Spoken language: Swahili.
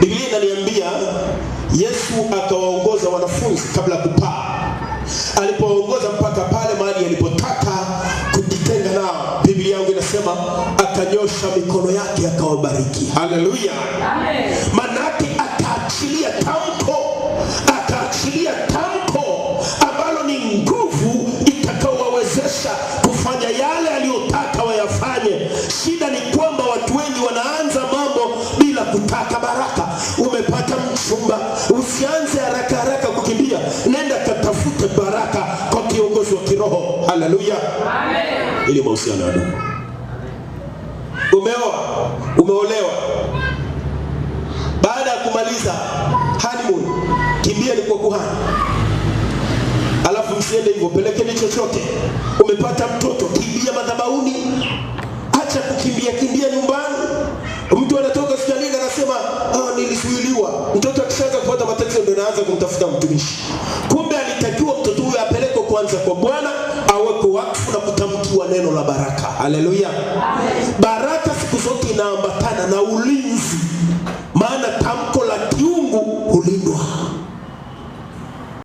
Biblia inaniambia Yesu akawaongoza wanafunzi kabla ya kupaa, alipowaongoza mpaka pale mahali alipotaka kujitenga nao, Biblia yangu inasema akanyosha mikono yake akawabariki. Haleluya, amen. Manake akaachilia tamko, akaachilia kutaka baraka. Umepata mchumba, usianze haraka haraka kukimbia, nenda katafute baraka kwa kiongozi wa kiroho. Haleluya, amen. Ili mahusiano dumu. Umeoa, umeolewa, baada ya kumaliza honeymoon, ni kwa kuhani Alafu msiende hivyo, pelekeni chochote. Umepata mtoto, kimbia madhabahuni, acha kukimbia kimbia. tunaanza kumtafuta mtumishi. Kumbe alitakiwa mtoto huyo apelekwe kwanza kwa Bwana, awekwe wakfu na kutamkiwa neno la baraka. Haleluya! Baraka siku zote inaambatana na ulinzi.